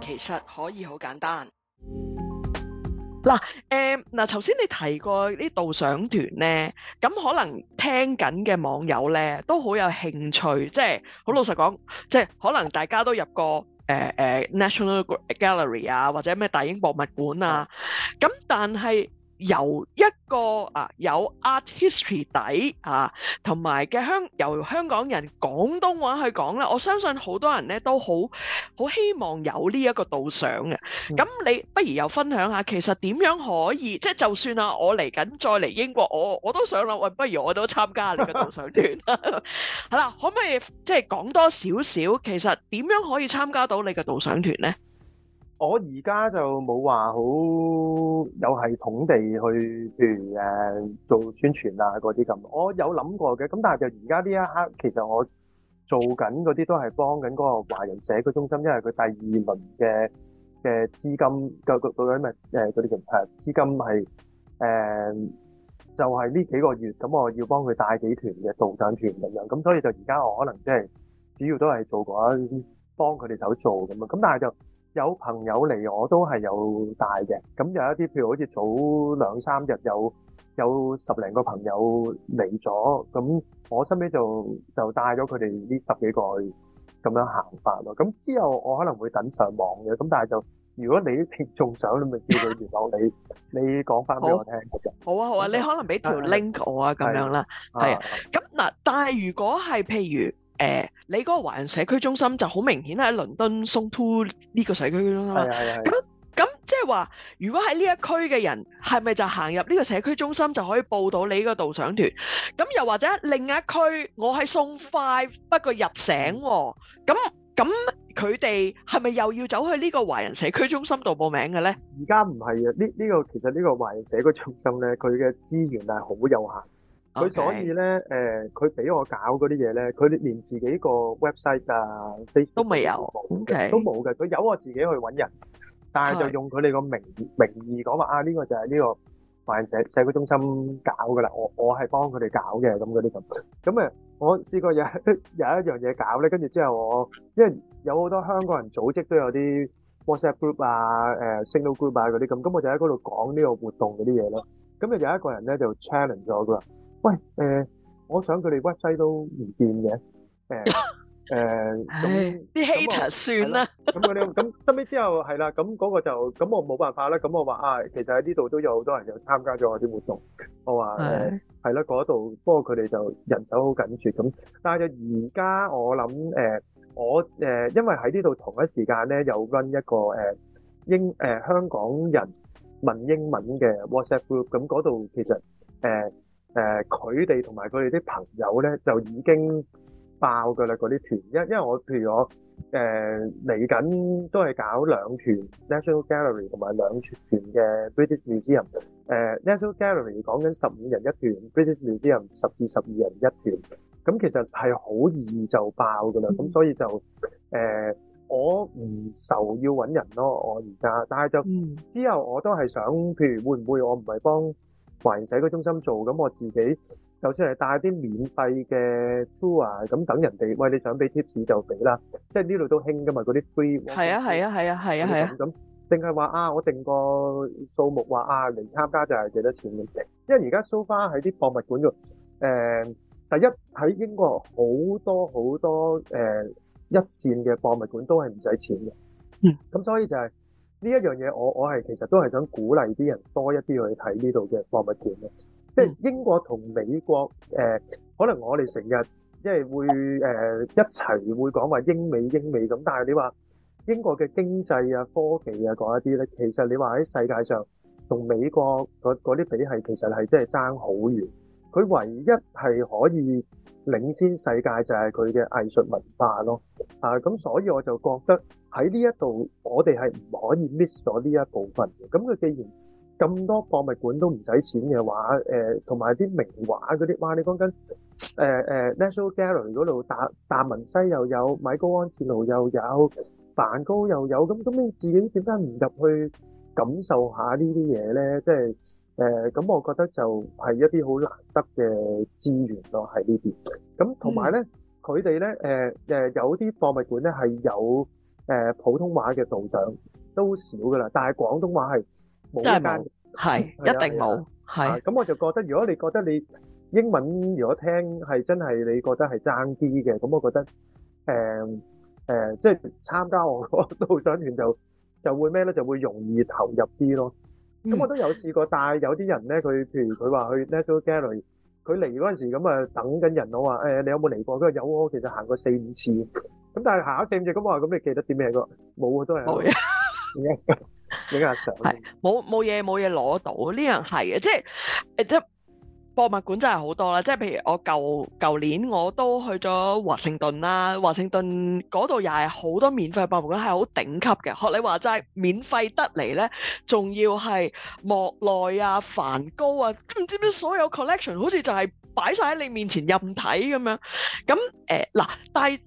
其實可以好簡單。嗱、啊，誒、呃，嗱，頭先你提過呢導賞團咧，咁可能聽緊嘅網友咧都好有興趣，即係好老實講，即係可能大家都入過誒誒、呃、National Gallery 啊，或者咩大英博物館啊，咁但係，由一個啊有 art history 底啊，同埋嘅香由香港人廣東話去講咧，我相信好多人咧都好，好希望有呢一個導賞嘅。咁你不如又分享下，其實點樣可以，即係就算啊，我嚟緊再嚟英國，我我都想落運、哎，不如我都參加你嘅導賞團啦。係啦，可唔可以即係講多少少，其實點樣可以參加到你嘅導賞團咧？我而家就冇話好有系統地去，譬如誒、啊、做宣傳啊嗰啲咁。我有諗過嘅，咁但係就而家呢一刻，其實我做緊嗰啲都係幫緊嗰個華人社區中心，因為佢第二輪嘅嘅資金個個到底咩誒嗰啲嘅誒資金係誒、啊、就係、係、呢幾個月，咁我要幫佢帶幾團嘅導賞團嚟嘅。咁所以就而家我可能即係主要都係做嘅話，幫佢哋手做咁啊。咁但係就。有朋友嚟，我都係有帶嘅。咁有一啲，譬如好似早兩三日有有十零個朋友嚟咗，咁我身邊就就帶咗佢哋呢十幾個去咁樣行法咯。咁之後我可能會等上網嘅。咁但係就如果你啲聽眾想，你咪叫佢聯絡你，你講翻俾我聽。好啊好啊，你可能俾條 link 我啊，咁樣啦。係啊。咁嗱，但係如果係譬如。誒、呃，你嗰個華人社區中心就好明顯喺倫敦 Zone Two 呢個社區中心啊，係係。咁咁，即係話，如果喺呢一區嘅人，係咪就行入呢個社區中心就可以報到你呢個導賞團？咁又或者另一區，我係 Zone Five，不過入醒喎，哦。咁咁佢哋係咪又要走去呢個華人社區中心度報名嘅咧？而家唔係啊，呢、這、呢個其實呢個華人社區中心咧，佢嘅資源係好有限。佢所以咧，誒，佢俾我搞嗰啲嘢咧，佢連自己個 website 啊，Facebook 都未有，都冇嘅。佢由我自己去揾人，但係就用佢哋個名名義講話啊，呢個就係呢個辦社社區中心搞嘅啦。我我係幫佢哋搞嘅咁嗰啲咁。咁誒，我試過有有一樣嘢搞咧，跟住之後我，因為有好多香港人組織都有啲 WhatsApp group 啊、誒 Signal group 啊嗰啲咁，咁我就喺嗰度講呢個活動嗰啲嘢咧。咁誒有一個人咧就 challenge 咗㗎。喂，誒、呃，我想佢哋屈低都唔掂嘅，誒誒，啲 hater 算啦。咁嗰啲，咁收尾之後係啦，咁嗰個就，咁我冇辦法啦。咁我話啊、哎，其實喺呢度都有好多人有參加咗我啲活動。我話係係咯，嗰度是，不過佢哋就人手好緊缺咁。但係就而家我諗，誒、呃，我誒、呃，因為喺呢度同一時間咧，有 run 一個誒、呃、英誒、呃、香港人問英文嘅 WhatsApp group。咁嗰度其實誒。呃呃誒佢哋同埋佢哋啲朋友咧，就已經爆嘅啦。嗰啲團，因因為我譬如我誒嚟緊都係搞兩團 National Gallery 同埋兩團嘅 British Museum、呃。誒 National Gallery 講緊十五人一團，British Museum 十至十二人一團。咁其實係好易就爆嘅啦。咁、嗯、所以就誒、呃、我唔愁要揾人咯。我而家，但係就、嗯、之後我都係想，譬如會唔會我唔係幫？環社區中心做咁，我自己就算係帶啲免費嘅 tour 咁、er, 等人哋喂你想俾貼士就俾啦，即係呢度都興噶嘛，嗰啲 free 係啊係啊係啊係啊係咁，定係話啊，啊，啊我定個數目話啊嚟參加就係幾多錢嘅。因為而家 so far 喺啲博物館度，誒、呃、第一喺英國好多好多誒、呃、一線嘅博物館都係唔使錢嘅，嗯，咁所以就係、是。呢一樣嘢，我我係其實都係想鼓勵啲人多一啲去睇呢度嘅博物館咯。即係英國同美國，誒可能我哋成日即係會誒一齊會講話英美英美咁，但係你話英國嘅經濟啊、科技啊嗰一啲咧，其實你話喺世界上同美國嗰嗰啲比係，其實係真係爭好遠。佢唯一係可以領先世界就係佢嘅藝術文化咯，啊咁所以我就覺得喺呢一度我哋係唔可以 miss 咗呢一部分嘅。咁佢既然咁多博物館都唔使錢嘅話，誒同埋啲名畫嗰啲，哇！你講緊誒誒 National Gallery 嗰度，達達文西又有米高安哲羅又有梵高又有，咁咁你自己點解唔入去感受下呢啲嘢咧？即係。誒咁，我覺得就係一啲好難得嘅資源咯，喺呢邊。咁同埋咧，佢哋咧，誒誒有啲博物館咧係有誒普通話嘅導賞，都少㗎喇。但係廣東話係冇嘅，係一定冇。係咁，我就覺得，如果你覺得你英文如果聽係真係你覺得係爭啲嘅，咁我覺得誒誒，即係參加我個導賞團就就會咩咧？就會容易投入啲咯。咁我都有試過，但係有啲人咧，佢譬如佢話去 National Gallery，佢嚟嗰陣時咁啊等緊人，我話誒你有冇嚟過？佢話有啊，其實行過四五次，咁但係行咗四五次咁我話咁你記得啲咩個？冇啊，都係冇啊，呢個呢個係冇冇嘢冇嘢攞到，呢樣係啊，即係都。博物館真係好多啦，即係譬如我舊舊年我都去咗華盛頓啦，華盛頓嗰度又係好多免費博物館，係好頂級嘅。學你話齋，免費得嚟咧，仲要係莫奈啊、梵高啊，唔知唔知所有 collection 好似就係擺晒喺你面前任睇咁樣。咁誒嗱，但係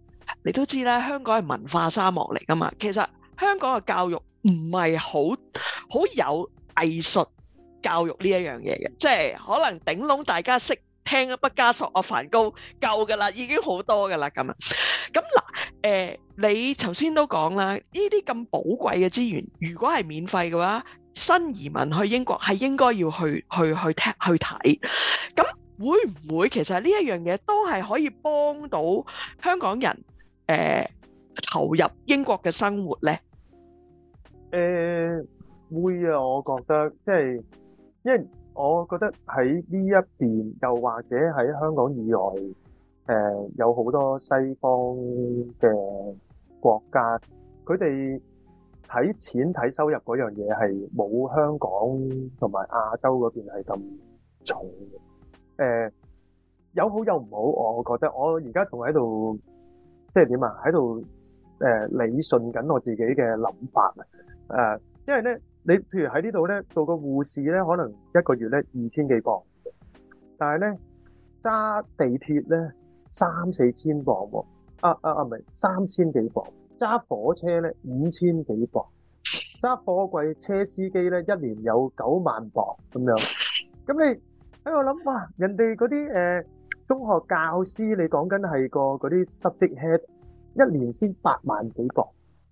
你都知咧，香港係文化沙漠嚟噶嘛？其實香港嘅教育唔係好好有藝術。教育呢一樣嘢嘅，即係可能頂籠大家識聽畢加索、阿凡高夠㗎喇，已經好多㗎喇咁啊。咁嗱，誒你頭先都講啦，呢啲咁寶貴嘅資源，如果係免費嘅話，新移民去英國係應該要去去去聽去睇。咁會唔會其實呢一樣嘢都係可以幫到香港人誒投入英國嘅生活呢？誒會啊，我覺得即係。因為我覺得喺呢一邊，又或者喺香港以外，誒有好多西方嘅國家，佢哋睇錢睇收入嗰樣嘢係冇香港同埋亞洲嗰邊係咁重嘅。誒有好有唔好，我覺得我而家仲喺度，即係點啊？喺度誒理順緊我自己嘅諗法啊！誒，因為咧。你譬如喺呢度咧做個護士咧，可能一個月咧二千幾鎊，但係咧揸地鐵咧三四千鎊喎。啊啊啊，唔係三千幾鎊，揸火車咧五千幾鎊，揸貨櫃車司機咧一年有九萬鎊咁樣。咁你喺度諗，嘩，人哋嗰啲誒中學教師，你講緊係個嗰啲 subject head，一年先八萬幾鎊，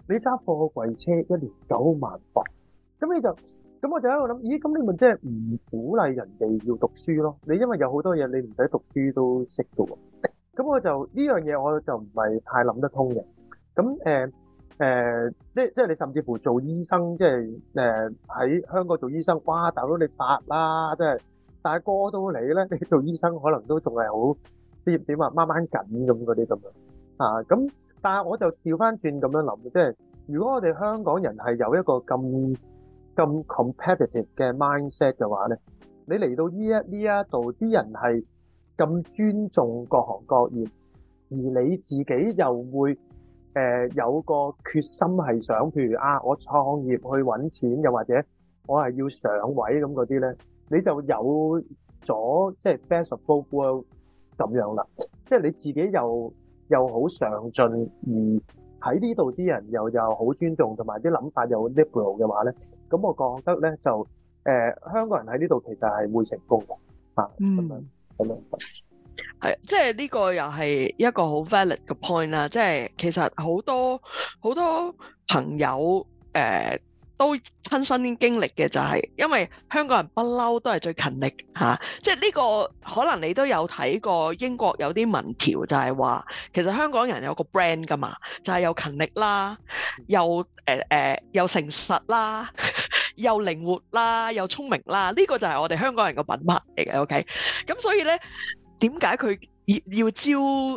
你揸貨櫃車一年九萬鎊。咁你就咁，我就喺度諗，咦？咁你咪即係唔鼓勵人哋要讀書咯？你因為有好多嘢，你唔使讀書都識嘅喎。咁我就呢樣嘢，我就唔係太諗得通嘅。咁誒誒，即即係你甚至乎做醫生，即係誒喺香港做醫生，哇！大佬你發啦，即係但係過到你咧，你做醫生可能都仲係好啲點話，掹掹緊咁嗰啲咁樣啊。咁但係我就調翻轉咁樣諗，即係如果我哋香港人係有一個咁。咁 competitive 嘅 mindset 嘅話咧，你嚟到呢一呢一度，啲人係咁尊重各行各業，而你自己又會誒有個決心係想，譬如啊，我創業去揾錢，又或者我係要上位咁嗰啲咧，你就有咗即係 best of both worlds 咁樣啦，即係你自己又又好上進而。喺呢度啲人又又好尊重，同埋啲諗法又 liberal 嘅話咧，咁我覺得咧就誒、呃、香港人喺呢度其實係會成功嘅啊。嗯，咁樣咁樣，係咯，係，即係呢個又係一個好 valid 嘅 point 啦。即係其實好多好多朋友誒。呃都親身經歷嘅就係、是，因為香港人不嬲都係最勤力嚇、啊，即係，這、呢個可能你都有睇過英國有啲民調，就係話其實香港人有個 brand 㗎嘛，就係又勤力啦，又誒誒、呃呃、又誠實啦， 又靈活啦，又聰明啦，呢、這個就係我哋香港人個品牌嚟嘅，OK？咁所以呢點解佢要要招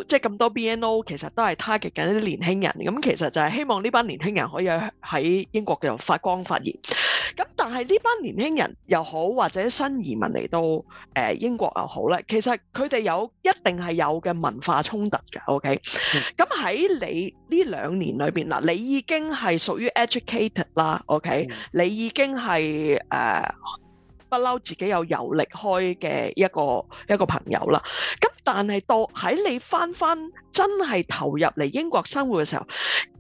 即係咁多 BNO 其實都係 target 緊緊啲年輕人，咁其實就係希望呢班年輕人可以喺英國嘅發光發熱。咁但係呢班年輕人又好或者新移民嚟到誒英國又好咧，其實佢哋有一定係有嘅文化衝突㗎。OK，咁喺你呢兩年裏邊嗱，你已經係屬於 educated 啦。OK? 嗯。OK，你已經係誒。Uh, 不嬲，自己有遊歷開嘅一個一個朋友啦。咁但係到喺你返返真係投入嚟英國生活嘅時候，誒、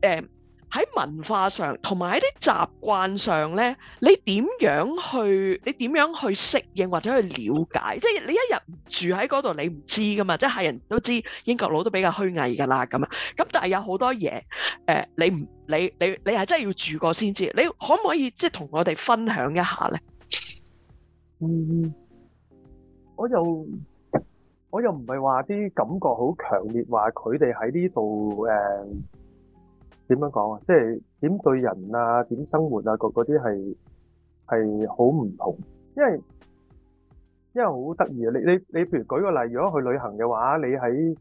呃、喺文化上同埋喺啲習慣上咧，你點樣去？你點樣去適應或者去了解？即係你一日唔住喺嗰度，你唔知噶嘛。即係客人都知英國佬都比較虛偽噶啦，咁啊。咁但係有好多嘢誒、呃，你唔你你你係真係要住過先知。你可唔可以即係同我哋分享一下咧？嗯，我又我又唔係話啲感覺好強烈，話佢哋喺呢度誒，點樣講啊？即係點對人啊，點生活啊，嗰啲係係好唔同。因為因為好得意啊！你你你，你譬如舉個例，如果去旅行嘅話，你喺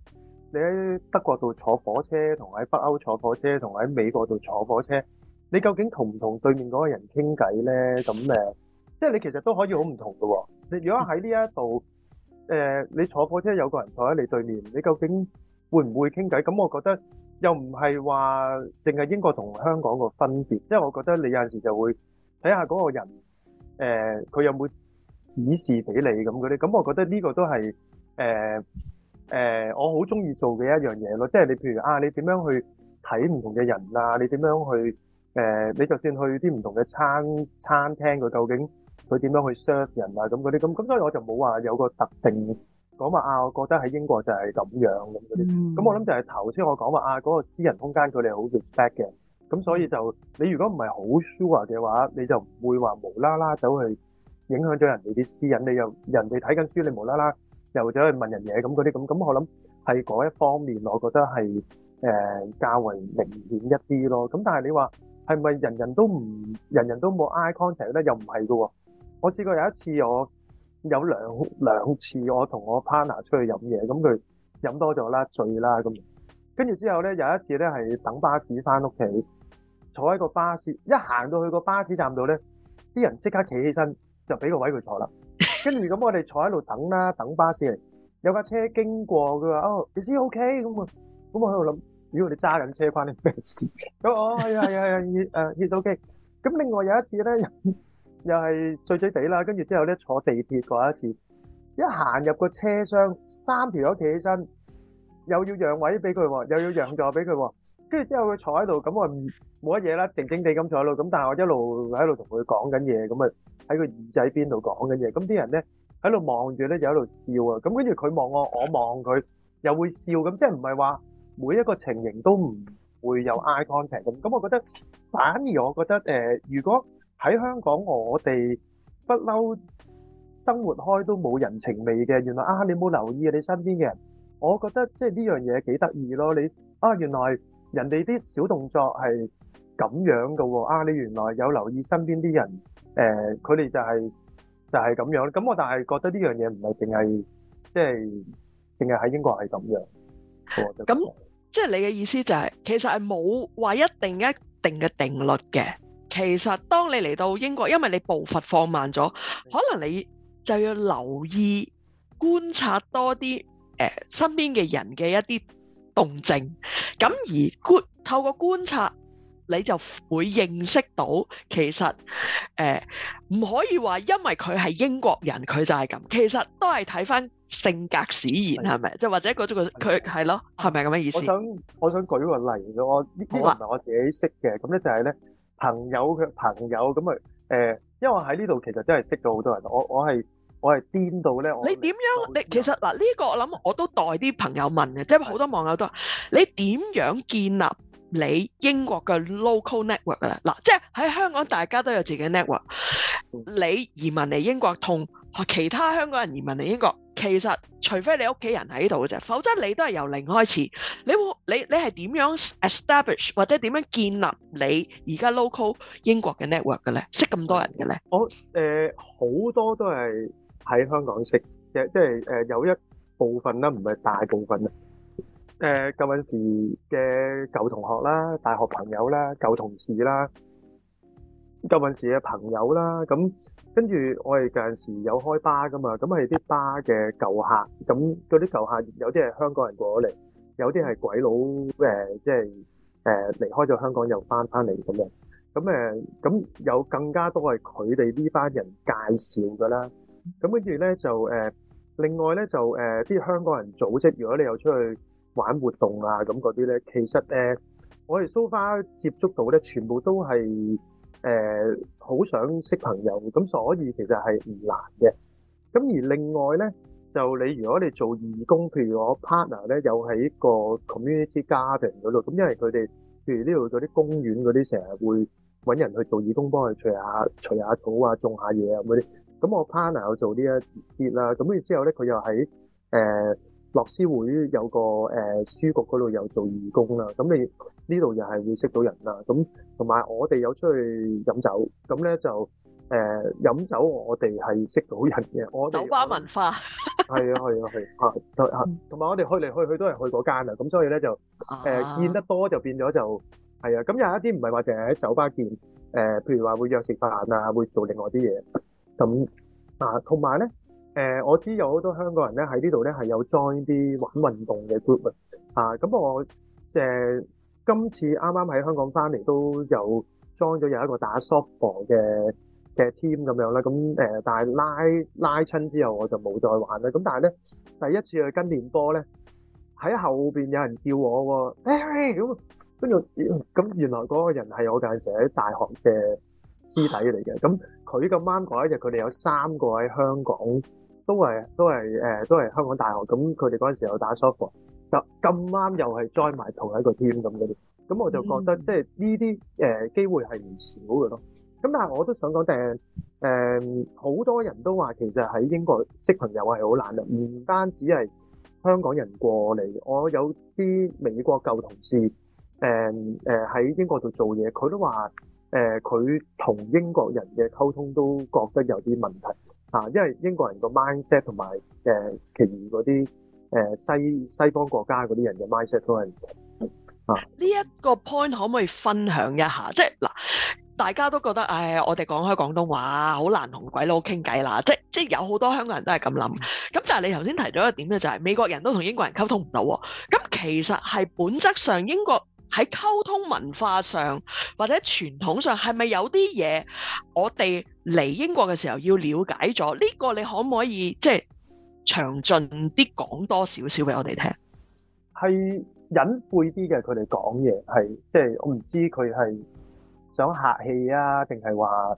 你喺德國度坐火車，同喺北歐坐火車，同喺美國度坐火車，你究竟同唔同對面嗰個人傾偈咧？咁誒。呃即係你其實都可以好唔同嘅喎、啊。你 如果喺呢一度，誒、呃，你坐火車有個人坐喺你對面，你究竟會唔會傾偈？咁我覺得又唔係話淨係英國同香港個分別，即係我覺得你有陣時就會睇下嗰個人，誒、呃，佢有冇指示俾你咁嗰啲。咁我覺得呢個都係誒誒，我好中意做嘅一樣嘢咯。即係你譬如啊，你點樣去睇唔同嘅人啊？你點樣去誒、呃？你就算去啲唔同嘅餐餐廳，佢究竟？佢點樣去 serve 人啊？咁嗰啲咁咁，所以我就冇話有個特定講話啊。我覺得喺英國就係咁樣咁嗰啲。咁我諗就係頭先我講話啊，嗰個私人空間佢哋好 respect 嘅。咁所以就你如果唔係好 sure 嘅話，你就唔會話無啦啦走去影響咗人哋啲私隱。你又人哋睇緊書，你無啦啦又走去問人嘢咁嗰啲咁。咁我諗喺嗰一方面，我覺得係誒較為明顯一啲咯。咁但係你話係咪人人都唔人人都冇 eye contact 咧？又唔係噶喎。我試過有一次，我有兩兩次，我同我 partner 出去飲嘢，咁佢飲多咗啦，醉啦咁。跟住之後咧，有一次咧係等巴士翻屋企，坐喺個巴士，一行到去個巴士站度咧，啲人即刻企起身，就俾個位佢坐啦。跟住咁，我哋坐喺度等啦，等巴士嚟，有架車經過，佢話：哦，先生 OK 咁啊。咁我喺度諗：咦，如果我哋揸緊車翻咧，咩事？哦，係啊，係啊，誒，heat OK。咁另外有一次咧，又。又係醉醉哋啦，跟住之後咧坐地鐵嗰一次，一行入個車廂，三條友企起身，又要讓位俾佢喎，又要讓座俾佢喎。跟住之後佢坐喺度，咁我唔冇乜嘢啦，靜靜地咁坐咯。咁但係我一路喺度同佢講緊嘢，咁啊喺個耳仔邊度講緊嘢。咁啲人咧喺度望住咧又喺度笑啊。咁跟住佢望我，我望佢又會笑咁。即係唔係話每一個情形都唔會有 eye contact 咁？咁我覺得反而我覺得誒，如果喺香港，我哋不嬲生活開都冇人情味嘅。原來啊，你冇留意你身邊嘅人，我覺得即係呢樣嘢幾得意咯。你啊，原來人哋啲小動作係咁樣噶喎。啊，你原來有留意身邊啲人，誒，佢哋就係就係咁樣。咁我但係覺得呢樣嘢唔係淨係即係淨係喺英國係咁樣。咁即係你嘅意思就係，其實係冇話一定一定嘅定律嘅。其實當你嚟到英國，因為你步伐放慢咗，可能你就要留意觀察多啲誒、呃、身邊嘅人嘅一啲動靜。咁的而過透過觀察，你就會認識到其實誒唔、呃、可以話因為佢係英國人，佢就係咁。其實都係睇返性格使然，係咪的？即或者嗰種佢係咯，係咪咁嘅意思？我想我想舉個例嘅，我呢個係我自己識嘅，咁咧就係咧。朋友嘅朋友咁啊，誒，因為我喺呢度其實真係識到好多人，我我係我係顛到咧。你點樣？你其實嗱，呢個我諗我都代啲朋友問嘅，即係好多網友都話：你點樣建立你英國嘅 local network 㗎啦？嗱，即係喺香港大家都有自己 network，你移民嚟英國同。其他香港人移民嚟英國，其實除非你屋企人喺度啫，否則你都係由零開始。你會你你係點樣 establish 或者點樣建立你而家 local 英國嘅 network 嘅咧？識咁多人嘅咧？我誒好、呃、多都係喺香港識嘅，即係誒、呃、有一部分啦，唔係大部分啦，誒舊陣時嘅舊同學啦、大學朋友啦、舊同事啦、舊陣時嘅朋友啦咁。跟住我哋有陣時有開巴噶嘛，咁係啲巴嘅舊客，咁嗰啲舊客有啲係香港人過咗嚟，有啲係鬼佬，誒即係誒離開咗香港又翻翻嚟咁樣，咁誒咁有更加多係佢哋呢班人介紹噶啦，咁跟住咧就誒，另外咧就誒啲香港人組織，如果你有出去玩活動啊咁嗰啲咧，其實咧我哋 so far 接觸到咧，全部都係。誒好想識朋友，咁所以其實係唔難嘅。咁而另外咧，就你如果你做義工，譬如我 partner 咧，又喺個 community garden 嗰度，咁因為佢哋譬如呢度嗰啲公園嗰啲，成日會揾人去做義工，幫佢除下除下草啊，種下嘢啊咁嗰啲。咁我 partner 有做呢一啲啦。咁跟住之後咧，佢又喺誒。樂施會有個誒書局嗰度有做義工啦，咁你呢度又係會識到人啦。咁同埋我哋有出去飲酒，咁咧就誒飲酒我哋係識到人嘅。我酒吧文化係啊係啊係啊，同埋我哋去嚟去去都係去嗰間啊，咁所以咧就誒見得多就變咗就係啊。咁有一啲唔係話淨係喺酒吧見誒，譬如話會約食飯啊，會做另外啲嘢。咁啊，同埋咧。誒，我知有好多香港人咧喺呢度咧係有 join 啲玩運動嘅 group 啊，嚇！咁我誒今次啱啱喺香港返嚟都有 join 咗有一個打 softball 嘅嘅 team 咁樣啦，咁誒，但係拉拉親之後我就冇再玩啦。咁但係咧第一次去跟練波咧，喺後邊有人叫我喎，Barry 咁，跟住咁原來嗰個人係我間社喺大學嘅師弟嚟嘅，咁佢咁啱嗰一日佢哋有三個喺香港。都係，都係，誒，都係香港大學。咁佢哋嗰陣時有打 softball，就咁啱又係 join 埋同一個 team 咁嗰啲。咁我就覺得，即係呢啲誒機會係唔少嘅咯。咁但係我都想講，誒，誒好多人都話，其實喺英國識朋友係好難嘅，唔單止係香港人過嚟，我有啲美國舊同事，誒誒喺英國度做嘢，佢都話。誒，佢同、呃、英國人嘅溝通都覺得有啲問題啊，因為英國人個 mindset 同埋誒、呃、其餘嗰啲誒西西方國家嗰啲人嘅 mindset 都係唔同啊，呢一個 point 可唔可以分享一下？即係嗱，大家都覺得誒、哎，我哋講開廣東話好難同鬼佬傾偈啦，即即係有好多香港人都係咁諗。咁就係你頭先提咗一個點咧，就係、是、美國人都同英國人溝通唔到啊。咁其實係本質上英國。喺溝通文化上或者傳統上，係咪有啲嘢我哋嚟英國嘅時候要了解咗？呢、這個你可唔可以即係、就是、詳盡啲講多少少俾我哋聽？係隱晦啲嘅，佢哋講嘢係，即我唔知佢係想客氣啊，定係話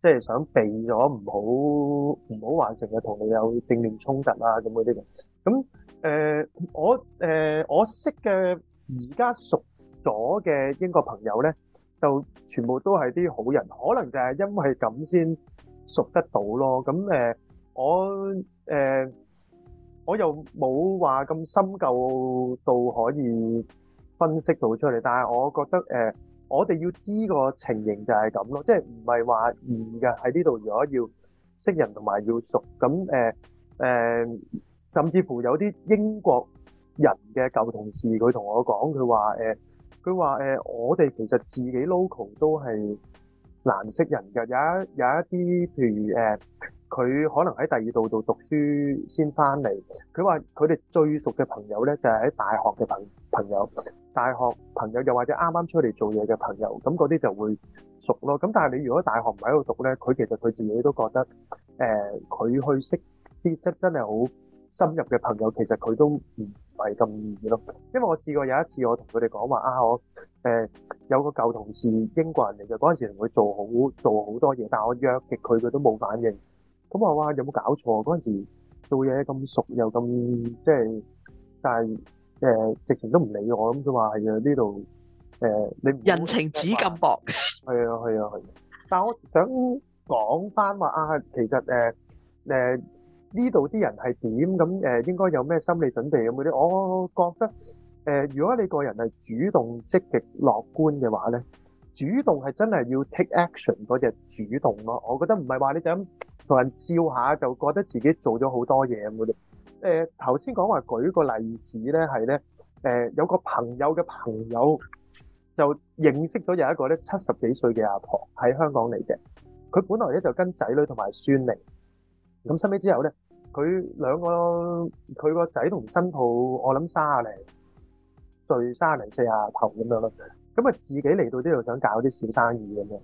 即係想避咗唔好唔好話成日同你有正面衝突啊咁嗰啲嘅。咁誒、呃、我誒、呃、我識嘅而家熟。左嘅英國朋友咧，就全部都係啲好人，可能就係因為咁先熟得到咯。咁誒，我誒我又冇話咁深究到可以分析到出嚟，但係我覺得誒，我哋要知個情形就係咁咯，即係唔係話易嘅喺呢度。如果要識人同埋要熟，咁誒誒，甚至乎有啲英國人嘅舊同事，佢同我講，佢話誒。佢話：誒，我哋其實自己 local 都係難識人㗎。有一有一啲，譬如誒，佢可能喺第二度度讀書先翻嚟。佢話佢哋最熟嘅朋友咧，就係喺大學嘅朋朋友，大學朋友又或者啱啱出嚟做嘢嘅朋友，咁嗰啲就會熟咯。咁但係你如果大學唔喺度讀咧，佢其實佢自己都覺得誒，佢去識啲真真係好深入嘅朋友，其實佢都唔。唔係咁易咯，因為我試過有一次，我同佢哋講話啊，我誒有個舊同事英國人嚟嘅，嗰陣時同佢做好做好多嘢，但係我約極佢，佢都冇反應。咁我話有冇搞錯？嗰陣時做嘢咁熟又咁即係，但係誒直情都唔理我咁佢話。係啊，呢度誒你人情紙咁薄。係啊，係啊，係。但係我想講翻話啊，其實誒誒。呢度啲人係點咁？誒應該有咩心理準備咁啲？我覺得誒、呃，如果你個人係主動積極樂觀嘅話咧，主動係真係要 take action 嗰隻主動咯、啊。我覺得唔係話你就咁同人笑下就覺得自己做咗好多嘢咁嗰啲。誒頭先講話舉個例子咧，係咧誒有個朋友嘅朋友就認識到有一個咧七十幾歲嘅阿婆喺香港嚟嘅，佢本來咧就跟仔女同埋孫嚟。咁收尾之後咧，佢兩個佢個仔同新抱，我諗卅零歲，卅零四廿頭咁樣咯。咁啊，自己嚟到呢度想搞啲小生意咁樣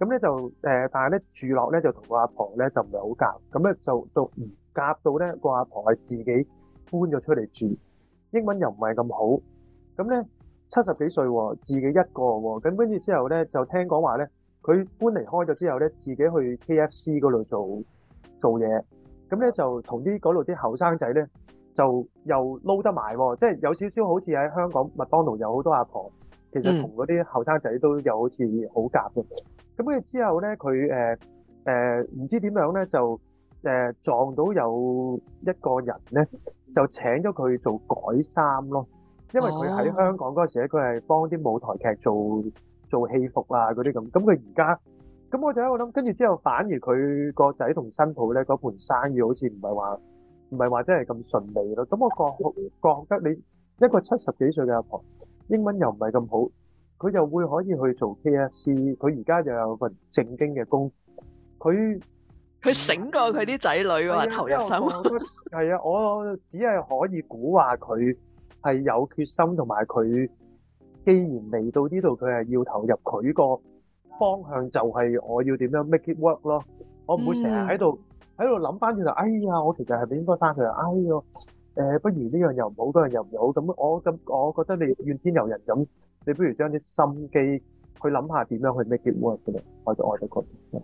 咁咧就誒，但係咧住落咧就同個阿婆咧就唔係好夾咁咧，就到唔夾到咧個阿婆係自己搬咗出嚟住，英文又唔係咁好咁咧，七十幾歲喎，自己一個喎。咁跟住之後咧就聽講話咧，佢搬離開咗之後咧，自己去 KFC 嗰度做。做嘢咁咧就同啲嗰度啲後生仔咧就又撈得埋喎，即係有少少好似喺香港麥當勞有好多阿婆，其實同嗰啲後生仔都有好似好夾嘅。咁跟住之後咧，佢誒誒唔知點樣咧就誒撞到有一個人咧，就請咗佢做改衫咯，因為佢喺香港嗰時咧，佢係幫啲舞台劇做做戲服啊嗰啲咁。咁佢而家。咁我就喺度諗，跟住之後反而佢個仔同新抱咧嗰盤生意好似唔係話，唔係話真係咁順利咯。咁我覺覺得你一個七十幾歲嘅阿婆，英文又唔係咁好，佢又會可以去做 KFC，佢而家又有份正經嘅工，佢佢醒過佢啲仔女話投入心。係啊，我只係可以估話佢係有決心，同埋佢既然嚟到呢度，佢係要投入佢個。方向就係我要點樣 make it work 咯，我唔會成日喺度喺度諗翻轉頭，哎呀，我其實係咪應該翻去呀，哎喲，誒、呃，不如呢樣又唔好，嗰樣又唔好，咁我咁我覺得你怨天尤人咁，你不如將啲心機去諗下點樣去 make it work 嘅咯，我就我就覺得。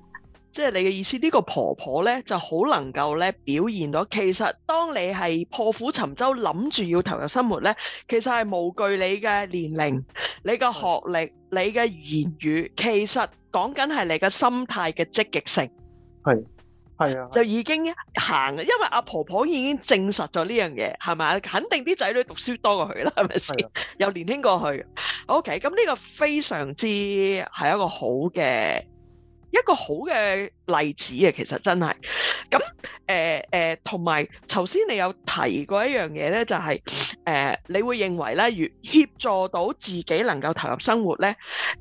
即係你嘅意思，呢、這個婆婆咧就好能夠咧表現到，其實當你係破釜沉舟諗住要投入生活咧，其實係無懼你嘅年齡、你嘅學歷、嗯、你嘅言語，其實講緊係你嘅心態嘅積極性。係係啊，就已經行，因為阿、啊、婆婆已經證實咗呢樣嘢，係咪啊？肯定啲仔女讀書多過佢啦，係咪先？啊、 又年輕過佢。OK，咁呢個非常之係一個好嘅。一個好嘅例子嘅，其實真係咁。誒誒，同埋頭先你有提過一樣嘢咧，就係，誒，你會認為咧，如協助到自己能夠投入生活咧，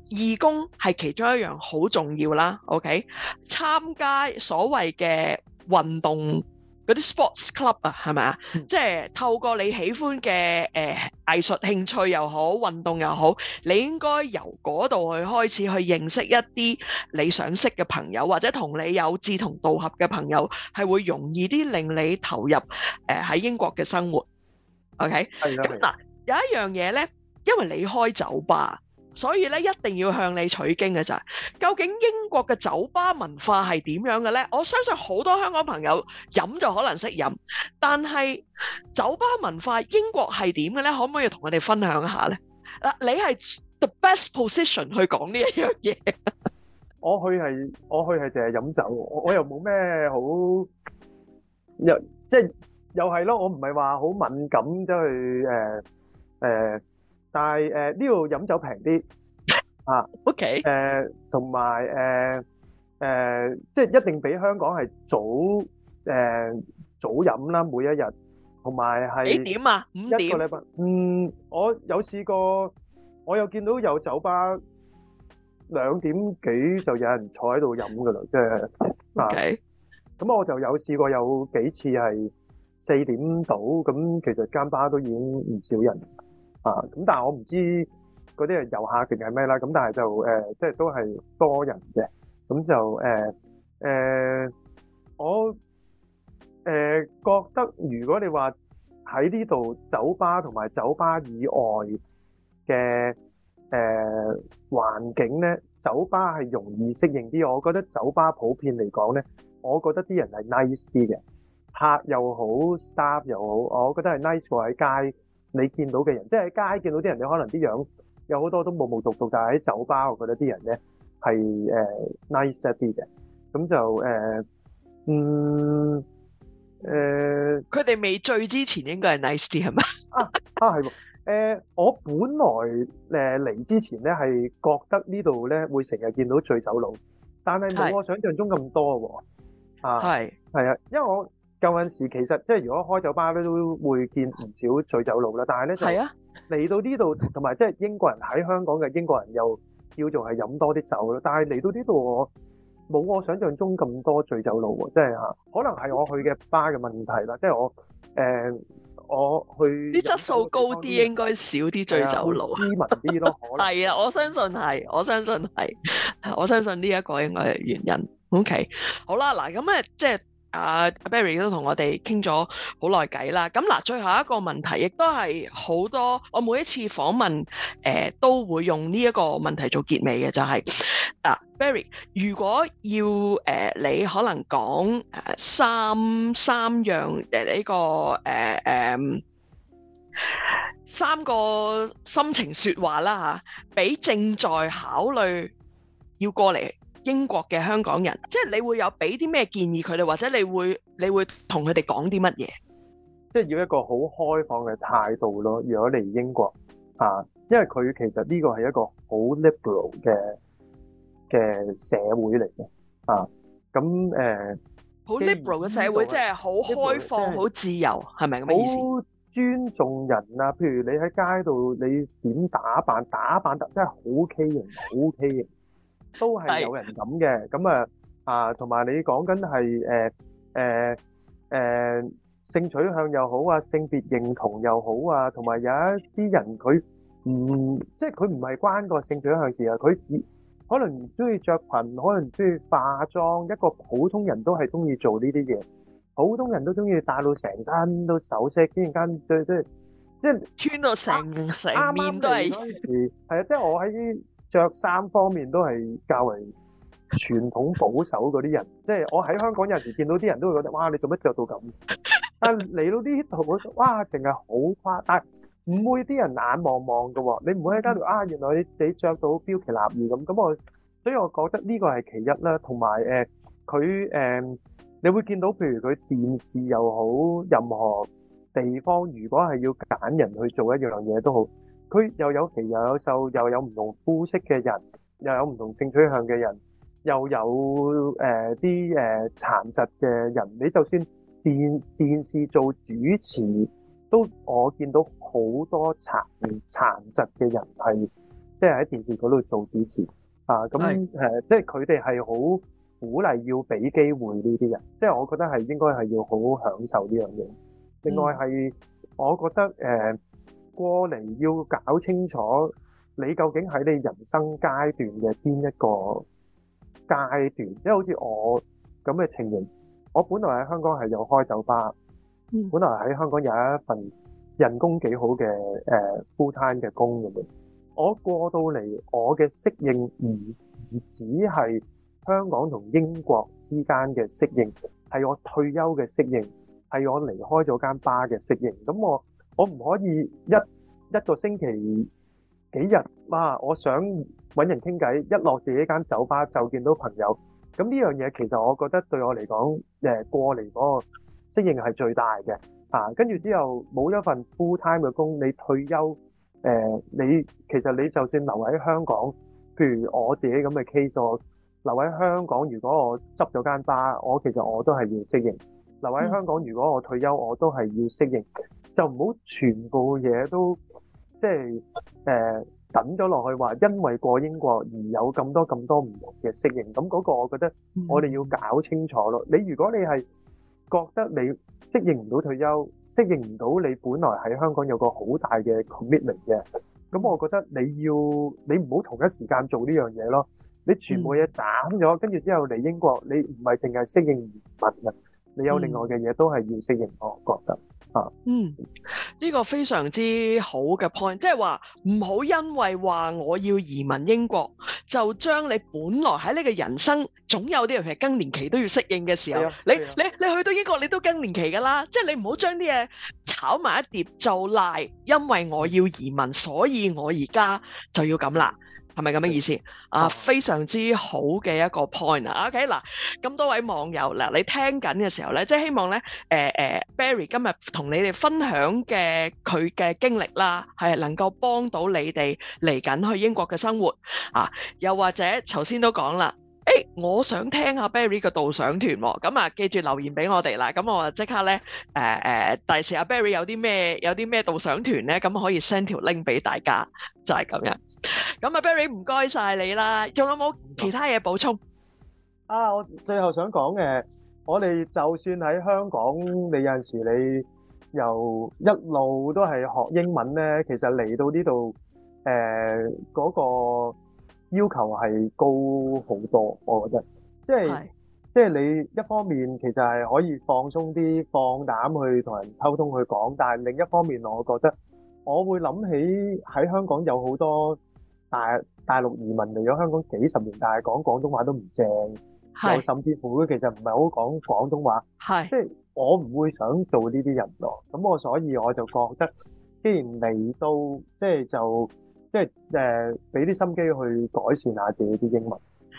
義工係其中一樣好重要啦。OK，參加所謂嘅運動。嗰啲 sports club 啊，係咪啊？即係透過你喜歡嘅誒藝術興趣又好，運動又好，你應該由嗰度去開始去認識一啲你想識嘅朋友，或者同你有志同道合嘅朋友，係會容易啲令你投入誒喺英國嘅生活。OK，咁嗱，有一樣嘢咧，因為你開酒吧。所以咧，一定要向你取經嘅咋？究竟英國嘅酒吧文化係點樣嘅咧？我相信好多香港朋友飲就可能識飲，但係酒吧文化英國係點嘅咧？可唔可以同我哋分享一下咧？嗱，你係 the best position 去講呢一樣嘢。我去係我去係淨係飲酒，我我又冇咩好又即係又係咯，我唔係話好敏感即係誒誒。但係誒呢度飲酒平啲啊，OK，誒同埋誒誒即係一定比香港係早誒早飲啦，每一日同埋係幾點啊？五點一個禮拜。嗯，我有試過，我又見到有酒吧兩點幾就有人坐喺度飲噶啦，即係啊，OK。咁我就有試過有幾次係四點到，咁其實間吧都已經唔少人。啊，咁但係我唔知嗰啲係遊客定係咩啦，咁但係就誒、呃，即係都係多人嘅，咁就誒誒、呃呃，我誒、呃、覺得如果你話喺呢度酒吧同埋酒吧以外嘅誒、呃、環境咧，酒吧係容易適應啲。我覺得酒吧普遍嚟講咧，我覺得啲人係 nice 啲嘅，客又好，staff 又好，我覺得係 nice 過喺街。你見到嘅人，即係喺街見到啲人，你可能啲樣有好多都木木獨獨，但係喺酒吧，我覺得啲人咧係誒 nice 一啲嘅。咁就誒嗯誒，佢哋未醉之前應該係 nice 啲係嘛？啊啊係喎誒，我本來誒嚟之前咧係覺得呢度咧會成日見到醉酒佬，但係冇我想像中咁多喎。啊，係係啊，因為我。舊陣時其實即係如果開酒吧咧，都會見唔少醉酒佬啦。但係咧、啊、就嚟到呢度，同埋即係英國人喺香港嘅英國人又叫做係飲多啲酒咯。但係嚟到呢度，我冇我想象中咁多醉酒佬喎。即係嚇，可能係我去嘅巴嘅問題啦。Okay. 即係我誒、欸，我去啲質素高啲，應該少啲醉酒佬，啊、斯文啲咯。係 可能 啊，我相信係，我相信係，我相信呢一個應該係原因。OK，好啦，嗱咁誒，即係、就是。就是啊，Barry 都同我哋傾咗好耐偈啦。咁嗱，最後一個問題，亦都係好多我每一次訪問，誒、呃、都會用呢一個問題做結尾嘅，就係、是、啊，Barry，如果要誒、呃、你可能講、呃、三三樣誒呢、呃這個誒誒、呃呃、三個心情說話啦嚇，俾、啊、正在考慮要過嚟。英國嘅香港人，即係你會有俾啲咩建議佢哋，或者你會你會同佢哋講啲乜嘢？即係要一個好開放嘅態度咯。如果嚟英國啊，因為佢其實呢個係一個好 liberal 嘅嘅社會嚟嘅啊。咁誒，好 liberal 嘅社會即係好開放、好自由，係咪咁意思？好尊重人啊！譬如你喺街度，你點打扮？打扮得真係好畸形，好畸形。都係有人諗嘅，咁啊是啊，同埋你講緊係誒誒誒性取向又好啊，性別認同又好啊，同埋有，有一啲人佢唔即係佢唔係關個性取向事啊，佢只可能唔中意着裙，可能唔中意化妝，一個普通人都係中意做呢啲嘢，普通人都中意戴到成身都首飾，突然間對對即即即穿到成成面啱啱都係，係啊，即係我喺。着衫方面都係較為傳統保守嗰啲人，即係我喺香港有陣時見到啲人都會覺得，哇！你做乜着到咁？但係嚟到啲淘寶，哇！淨係好誇，但係唔會啲人眼望望嘅喎、哦。你唔會喺街度啊，原來你着到標奇立異咁咁我，所以我覺得呢個係其一啦，同埋誒佢誒，你會見到譬如佢電視又好，任何地方如果係要揀人去做一樣嘢都好。佢又有肥又有瘦，又有唔同膚色嘅人，又有唔同性取向嘅人，又有誒啲誒殘疾嘅人。你就算電電視做主持，都我見到好多殘殘疾嘅人係即係喺電視嗰度做主持啊！咁、嗯、誒是、呃，即係佢哋係好鼓勵要俾機會呢啲人。即係我覺得係應該係要好好享受呢樣嘢。另外係、嗯、我覺得誒。呃過嚟要搞清楚，你究竟喺你人生階段嘅邊一個階段？因為好似我咁嘅情形，我本來喺香港係有開酒吧，嗯、本來喺香港有一份人工幾好嘅誒、uh, full time 嘅工咁樣。我過到嚟，我嘅適應唔唔只係香港同英國之間嘅適應，係我退休嘅適應，係我離開咗間吧嘅適應。咁我。我唔可以一一個星期幾日嘛、啊？我想揾人傾偈，一落自己間酒吧就見到朋友。咁、嗯、呢樣嘢其實我覺得對我嚟講，誒、呃、過嚟嗰個適應係最大嘅。嚇、啊，跟住之後冇一份 full time 嘅工，你退休誒、呃，你其實你就算留喺香港，譬如我自己咁嘅 case，我留喺香港，如果我執咗間吧，我其實我都係要適應。留喺香港，如果我退休，我都係要適應。嗯就唔好全部嘢都即係誒、呃、等咗落去，話，因為過英國而有咁多咁多唔同嘅適應。咁嗰個我覺得我哋要搞清楚咯。嗯、你如果你係覺得你適應唔到退休，適應唔到你本來喺香港有個好大嘅 commitment 嘅，咁我覺得你要你唔好同一時間做呢樣嘢咯。你全部嘢斬咗，跟住、嗯、之後嚟英國，你唔係淨係適應移民啊，你有另外嘅嘢都係要適應我覺得。嗯，呢、這個非常之好嘅 point，即係話唔好因為話我要移民英國，就將你本來喺呢個人生，總有啲人係更年期都要適應嘅時候，的你的你你，你去到英國你都更年期噶啦，即係你唔好將啲嘢炒埋一碟做賴，因為我要移民，所以我而家就要咁啦。係咪咁嘅意思？嗯、啊，非常之好嘅一個 point 啊！OK，嗱，咁多位網友嗱，你聽緊嘅時候咧，即係希望咧，誒、呃、誒、呃、Barry 今日同你哋分享嘅佢嘅經歷啦，係能夠幫到你哋嚟緊去英國嘅生活啊！又或者頭先都講啦，誒、欸，我想聽下 Barry 個導賞團喎、哦，咁啊，記住留言俾我哋啦，咁我啊即刻咧，誒、呃、誒，第時阿 Barry 有啲咩有啲咩導賞團咧，咁可以 send 條 link 俾大家，就係、是、咁樣。咁啊，Barry，唔該晒你啦，仲有冇其他嘢補充？啊，我最後想講嘅，我哋就算喺香港，你有陣時你由一路都係學英文咧，其實嚟到呢度，誒，嗰個要求係高好多，我覺得，即係即係你一方面其實係可以放鬆啲，放膽去同人溝通去講，但係另一方面，我覺得我會諗起喺香港有好多。大大陸移民嚟咗香港幾十年，但係講廣東話都唔正，是又甚至乎其實唔係好講廣東話，是即係我唔會想做呢啲人咯。咁我所以我就覺得，既然嚟到，即係就即係誒，俾、呃、啲心機去改善下自己啲英文，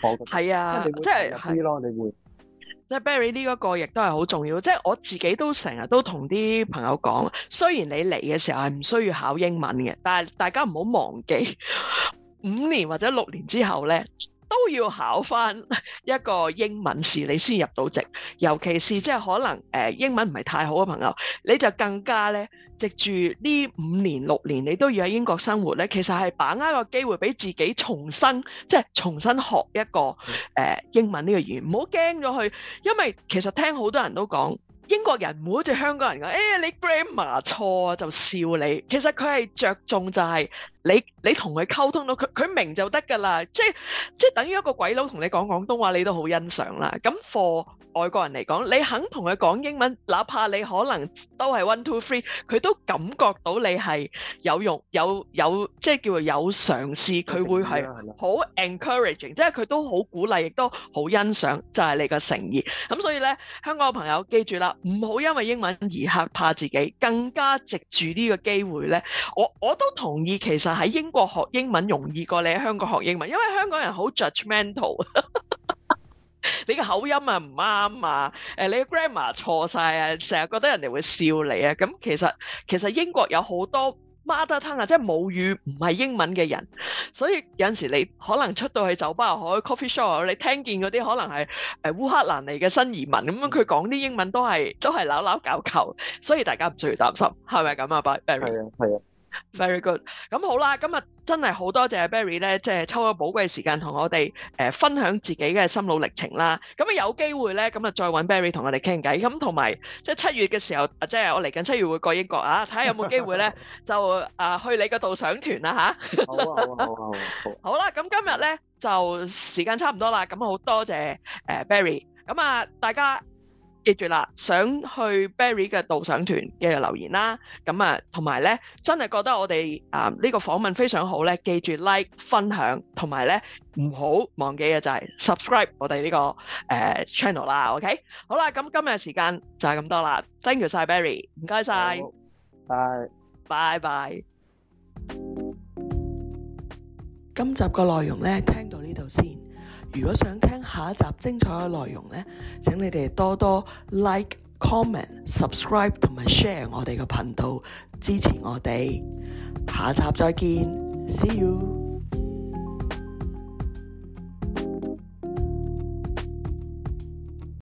我覺得係啊，即係啲咯，你會。即係 Barry 呢一個，亦都係好重要。即係我自己都成日都同啲朋友講，雖然你嚟嘅時候係唔需要考英文嘅，但係大家唔好忘記五年或者六年之後咧。都要考翻一個英文試，你先入到籍。尤其是即係可能誒、呃、英文唔係太好嘅朋友，你就更加咧藉住呢五年六年，你都要喺英國生活咧。其實係把握個機會俾自己重新，即係重新學一個誒、呃、英文呢個語言。唔好驚咗佢，因為其實聽好多人都講英國人唔好似香港人講，誒、哎、你 grammar 錯就笑你。其實佢係着重就係、是。你你同佢溝通到佢佢明就得㗎啦，即係即係等於一個鬼佬同你講廣東話你都好欣賞啦。咁對外國人嚟講，你肯同佢講英文，哪怕你可能都係 one two three，佢都感覺到你係有用有有即係叫做有嘗試，佢的會係好 encouraging，即係佢都好鼓勵亦都好欣賞就係、是、你嘅誠意。咁所以咧，香港嘅朋友記住啦，唔好因為英文而嚇怕自己，更加藉住呢個機會咧，我我，我都同意其實。喺英國學英文容易過你喺香港學英文，因為香港人好 judgmental 你個口音啊唔啱啊，誒你 grammar 錯曬啊，成日覺得人哋會笑你啊，咁其實其實英國有好多 mother tongue 啊，即係母語唔係英文嘅人，所以有陣時你可能出到去酒吧、去 coffee shop，你聽見嗰啲可能係誒烏克蘭嚟嘅新移民咁樣，佢講啲英文都係都係撈撈搞球，所以大家唔需要擔心，係咪咁啊？Barry，係啊。 Very good，咁好啦，今日真係好多謝 Barry 咧，即係抽咗寶貴時間同我哋誒、呃、分享自己嘅心路歷程啦。咁啊有機會咧，咁啊再揾 Barry 同我哋傾偈。咁同埋即係七月嘅時候，即係我嚟緊七月會過英國啊，睇下有冇機會咧 就啊、呃、去你嗰度上團啦吓、啊 啊，好啊好啊好啊。好啦，咁今日咧就時間差唔多啦，咁好多謝誒、呃、Barry，咁啊大家。記住啦，想去 Barry 嘅導賞團，嘅留言啦，咁啊，同埋咧，真係覺得我哋啊呢個訪問非常好咧，記住 like 分享，同埋咧唔好忘記嘅就係 subscribe 我哋呢、呢個誒 channel、呃、啦，OK，好啦，咁今日時間就係咁多啦，thank you 晒 Barry，唔該晒，拜拜拜。今集嘅內容咧，聽到呢度先。如果想聽下一集精彩嘅內容咧，請你哋多多 like、comment、subscribe 同埋 share 我哋嘅頻道，支持我哋。下一集再見，see you。